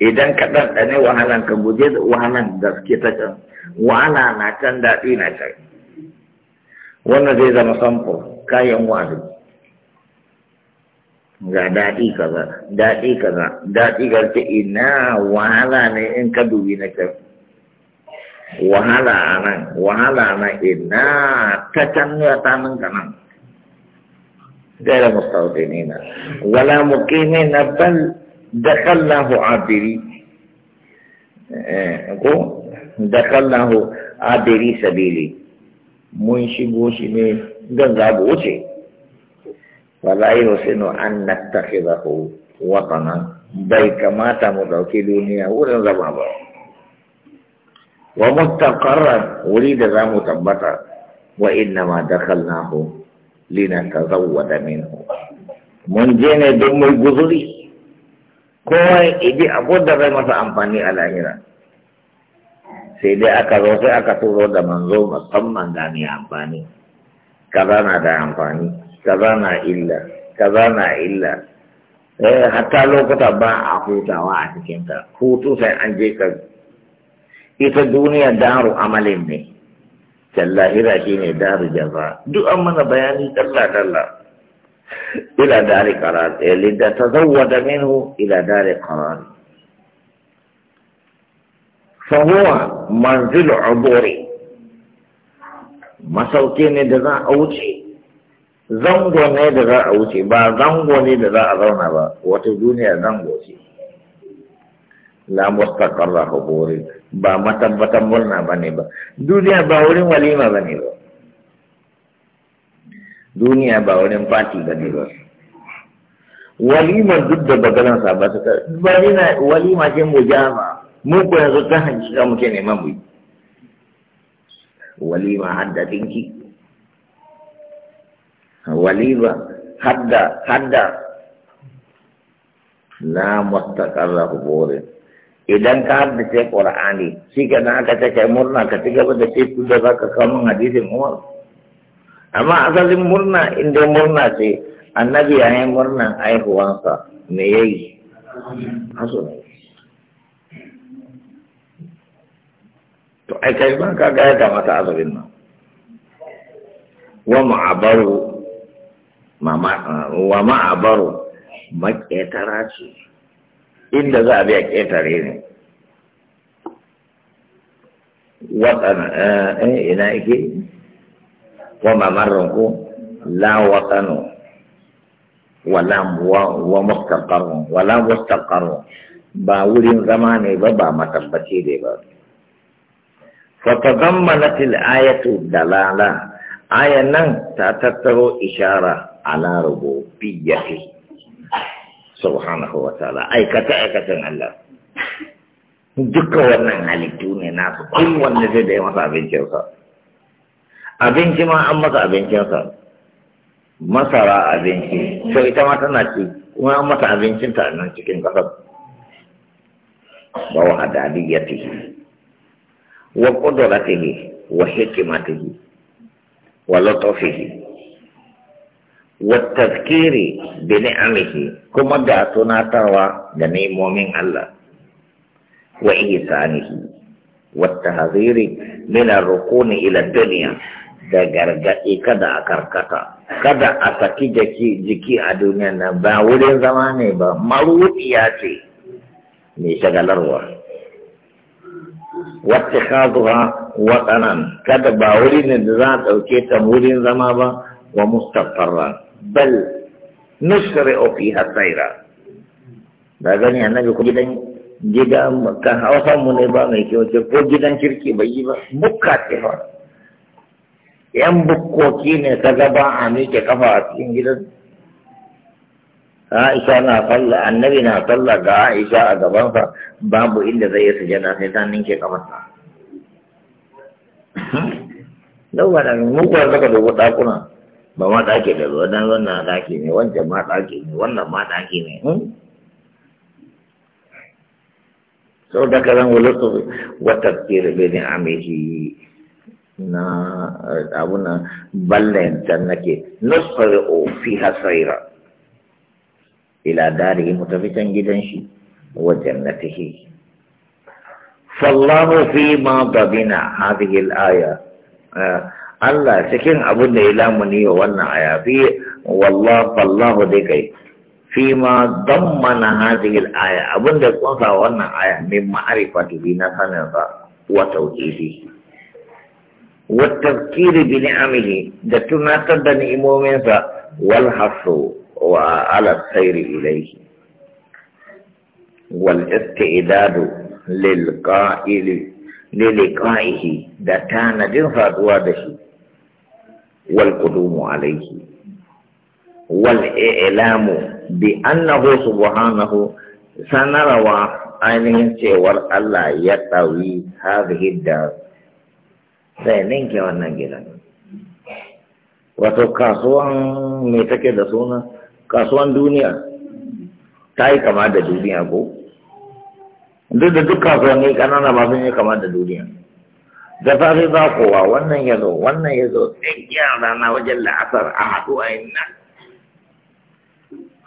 idan ka ɗanɗane wahalan ka guje da wahalan gaske ta can wahala na can daɗi na can wannan zai zama samfur kayan wa'azi ga daɗi kaza daɗi kaza daɗi garce ina wahala ne in ka dubi na can wahala nan wahala na ina ta can ya ta nan ka nan غير مستوطنين ولا مقيمين بل دخلناه عابري دخلناه عابري سبيلي mun shigo shi ne don zaɓi wuce wala yi husinu eh, an na tafi zaho watana bai kamata mu ɗauki duniya wurin zama ba wa mustaqarran wuri da za mu tabbata wa inna ma lina linatazawwada minhu mun je ne don mai guzuri kowa ibi abin da zai masa amfani a lahira sai dai aka zo sai aka turo da manzo musamman da ni amfani kaza na da amfani kaza na illa kaza na illa eh hatta lokuta ba a hutawa a cikin cikinta hutu sai an je ka ita duniya daru amalin ne lahira shi ne daru jaza duk an mana bayani dalla-dalla ila dari karar eh, da ta da minhu ila dari karar fahuwa manzilu abore masauki ne da za a wuce zango ne da za a wuce ba zango ne da za a zauna ba wata duniya zango ce la mustaqarra huburi ba matabbatan murna ba ne ba duniya ba wurin walima ba ne ba duniya ba wurin fati ba ne ba walimar duk da bagalan sa ba su ka walima ce mu jama mu ko yanzu ta hakika muke neman mu walima hadda dinki walima hadda hadda la mustaqarra huburin idan ka haddace qur'ani shi ka na aka ce kai murna ka ci gaba da teku da za ka kawo hadisin umar amma asalin murna inda murna ce annabi ya yi murnan aihuwansa me ya yi haso ne to ai kai ban ka ga ya kamata asalin nan wa ma'abaru wa ma'abaru maketara ce inda za a biya ƙetare ne watsana eh, eh ina yake wa mamarrin ko la watsano wala wa mustaqarrun wala mustaqarrun ba wurin zama ne ba ba matabbaci ne ba فتضمنت الآية دلالة آية نن تتترو إشارة على ربوبيته subhanahu wa ta'ala aikata aikatan Allah duka wannan halittu ne su kun wanne zai da ya masa abincinsa abinci ma an masa abincinsa masara abinci so ita ma tana ci kuma an masa abincinta a nan cikin ƙasar ba wa hadaliyatihi wa ƙuduratihi wa hikimatihi wa latofihi kuma da بنعمه da nemomin Allah, wa من الله Wata والتحذير من الركون ila duniya da gargaɗi kada a karkata kada a saki jiki a duniya na ba wurin zama ne ba maruɗiya ce mai shagalarwa wacce kazuwa watsanan kada ba wuri ne da za a ɗauke ta wurin zama ba wa mustafarra bal nushri'u fiha sayra da gani annabi ku gidan gida ka hawa mu ne ba mai kyau ce ko gidan kirki bai yi ba bukka ce ba yan bukkoki ne ka gaba a miƙe kafa a cikin gidan Aisha na falla annabi na sallah ga Aisha a gabansa babu inda zai yi sujada sai ta ninke kafarsa. Dawwa hmm? da mu kuwa daga dubu ɗakuna. ba ma ɗaki da ruwa dan wannan ɗaki ne wancan ma ɗaki ne wannan ma ɗaki ne sau da kalan wulatu wata tsira bene amishi na abuna ballen ballantar nake nusfari o fi hasaira ila dari mutafitan gidan shi wa jannatihi فالله فيما ضمن هذه الآية آه Allah cikin abin da ya lamuni wa wannan aya fi wallahu wallahu dai kai fi ma dammana hadhihi al-aya abin da kunsa wannan aya min ma'rifati bi na sanin ba wa tauhidi wa tafkiri bi ni'amihi da tunatar da ni'imomin sa wal hasu wa ala sayri ilayhi wal istidadu lil qa'ili lil qa'ihi da tanadin faduwa da shi Wal wal والقدوم عليه والإعلام بأنه سبحانه سنروى ainihin cewar Allah ya ɗauri hazihi da sai ninke wannan gidan wato kasuwan mai take da suna kasuwan duniya ta yi kama da duniya ko duk da duk kasuwanni ƙanana ba sun yi kama da duniya da safe ba kowa wannan ya zo wannan ya zo tsakiyar rana wajen la'asar a haɗu a yin nan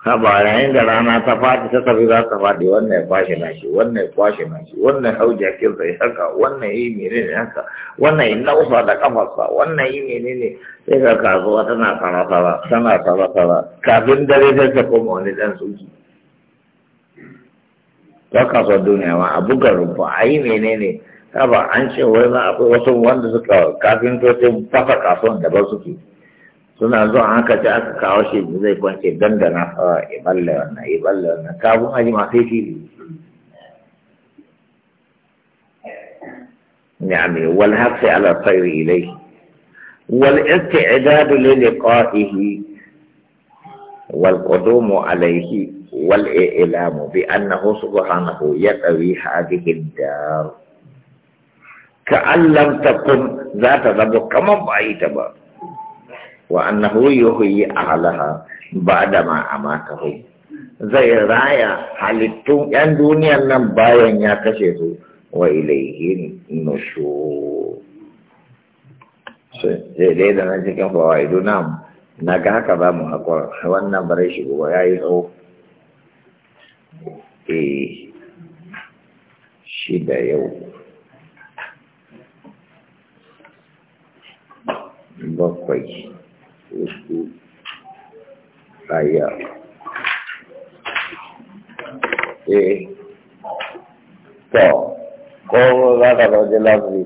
haba yayin da rana ta faɗi ta tafi za ta faɗi wannan ya kwashe nashi wannan ya kwashe nashi wannan hau jakin sai haka wannan yi mene ne haka wannan yi nausa da kafarsa wannan yi mene ne sai ka kasuwa tana tsara-tsara tana tsara-tsara kafin dare sai ta koma wani ɗan suki ta kasuwa duniya ma a buga rumfa a yi mene ne Kaba an ce wai ma akwai wasu wanda suka kafin tocin fasa kasuwan da ba suke suna zuwa haka ce aka kawo shi zai kwance dandana a iballe wannan iballe wannan kafin aji masu fili نعم والهفت على الطير إليه والاستعداد للقائه والقدوم عليه والإعلام بأنه سبحانه ɗari هذه الدار ka allam kun za ta zama kamar ba yi ta ba wa annahu yuhyi ahlaha ba'da ma hu zai raya halittun yan duniyan nan bayan ya kashe su wa ilaihi nushur sai dai da nan cikin fawaidu na na ga haka ba mu haƙwar wannan bare shi gobe ya yi tsawo eh shi da yau bakwai uku ɗaya eh to ko za ka zauje lafi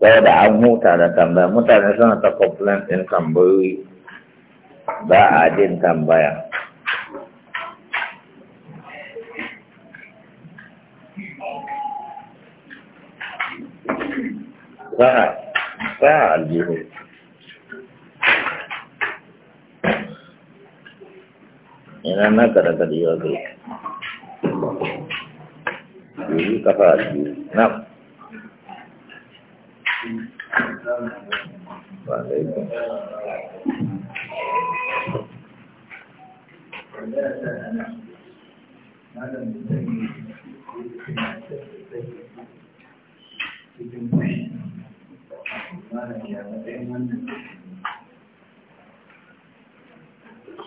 ba an huta da tambaya mutane suna ta complain ɗin tambayoyi ba a jin tambaya Right. baya aljihu ina na kada kada yawa kai yi kafa aljihu na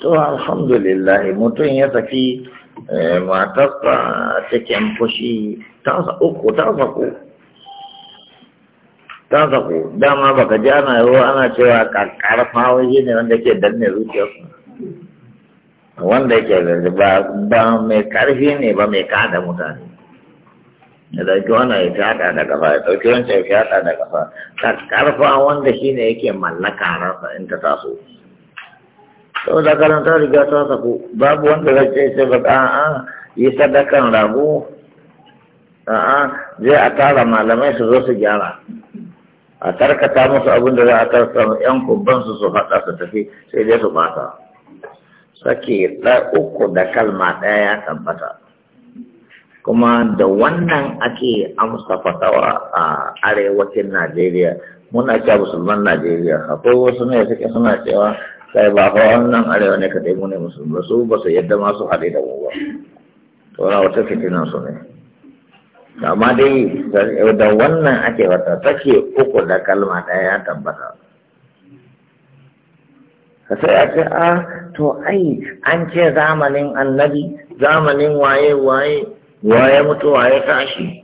to alhamdulillah mutum ya tafi eh, matarsa cikin fushi ta uku ta zaku ta zaku dama baka ji ana yawo ana cewa karfa waje ne wanda ke danne zuciyarsa wanda yake ba mai karfi ne ba mai kada mutane ya dauki wannan ya fiyata da kafa ya dauki wancan ya fiyata da kafa ta karfa wanda ne yake mallaka ransa in ta taso saboda karanta riga ta sako babu wanda zai ce sai ba a'a yi sadakan rago a'a zai a tara malamai su zo su gyara a tarkata musu abin da za a tarkata yan kubban su su faɗa su tafi sai dai su bata sake uku da kalma ɗaya ya tabbata kuma da wannan ake amsa fatawa a arewacin najeriya muna cewa musulman najeriya akwai wasu ne suke suna cewa sai ba fa wannan arewa ne kadai mu ne musulmi su ba su yadda masu su haɗe da ba to na wata fitina su ne amma dai da wannan ake wata take uku da kalma ɗaya ya tabbata ka sai a ce a ah, to ai an ce zamanin annabi zamanin waye waye waye mutu waye tashi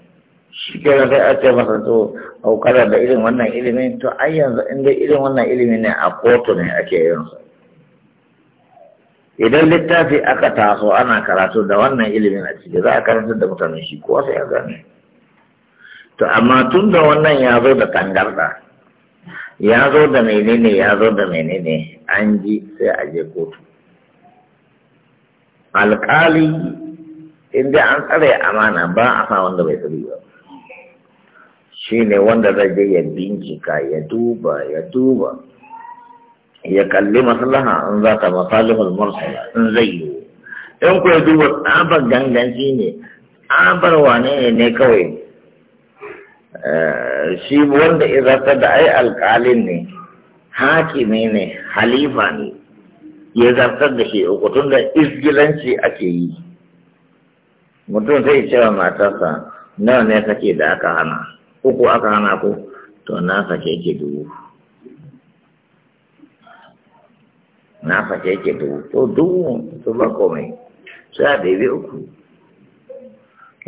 shi ke da a ce masa to aukara da irin wannan ilimin to ai yanzu inda irin wannan ilimin ne a kotu ne ake yin su idan littafi aka taso ana karatu da wannan ilimin a ciki za a karanta da mutane shi ko sai ya gane to amma tun da wannan ya zo da tangarda ya zo da menene ya zo da menene an ji sai a je kotu alƙali inda an tsare amana ba a sa wanda bai tsari ba shi ne wanda zai je ya bincika ya duba ya duba ya kalli maslaha in za ta masalihul mursala in zai yi in ku ya duba tsabar ganganci ne tsabar wane ne kawai eh, shi wanda ya ta da ai alƙalin ne hakimi ne halifa ne ya zartar da shi uku tun da isgilanci ake yi mutum zai cewa matarsa nawa ne kake da aka hana uku aka hana ku to na sake yake dubu na sake yake dubu to dubu to ba komai sai a ɗaibe uku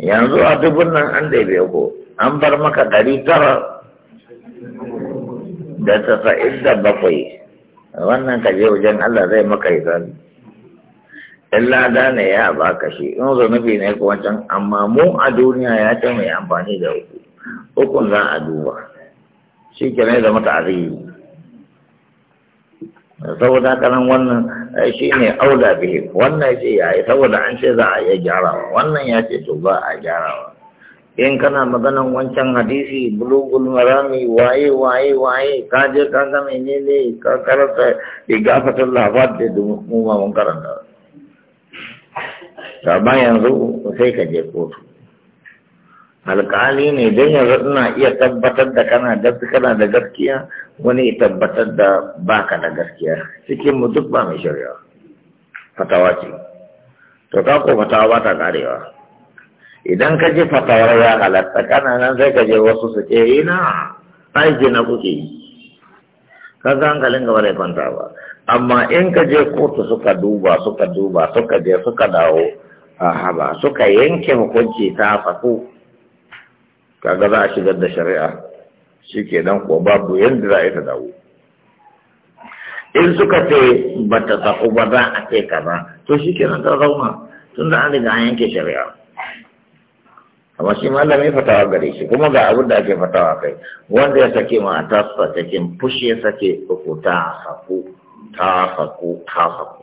yanzu a dubun nan an ɗaibe uku an bar maka ɗari tara da tasa'in da bakwai wannan ka je wajen Allah zai maka hisabi in da ne ya baka shi in zunubi ne ko wancan amma mu a duniya ya ce mai amfani da uku ukun za a duba shi ke ne zama ta'aziri saboda kanan wannan eh, shi ne aula bihi wannan ce ya yi saboda an ce za a iya gyarawa wannan ya ce to ba a gyarawa in kana maganan wancan hadisi bulugul marami waye waye waye ka je ka ga menene ka karanta igafatul lafat da mu ma mun karanta ta yanzu sai ka je kotu alƙali ne don yanzu ina iya tabbatar da kana da kana da gaskiya wani ya tabbatar da baka da gaskiya cikin mu duk ba mai shari'a fatawa ce to ka ko fatawa ba ta karewa idan ka je fatawar ya halatta kana nan sai ka je wasu su ce ina aiki na kuke yi ka ga hankalin gaba da kwanta ba amma in ka je kotu suka duba suka duba suka je suka dawo a haba suka yanke hukunci ta faso kaga za a shigar da shari'a shi ke nan kuwa babu yadda za a yi ta dawo in suka ce ba ta tsaku ba za a ce kaza to shi ke nan ta zauna tun da an riga an yanke shari'a amma shi malami fatawa gare shi kuma ga abin da ake fatawa kai wanda ya sake ma ta cikin fushi ya sake uku ta saku ta saku ta saku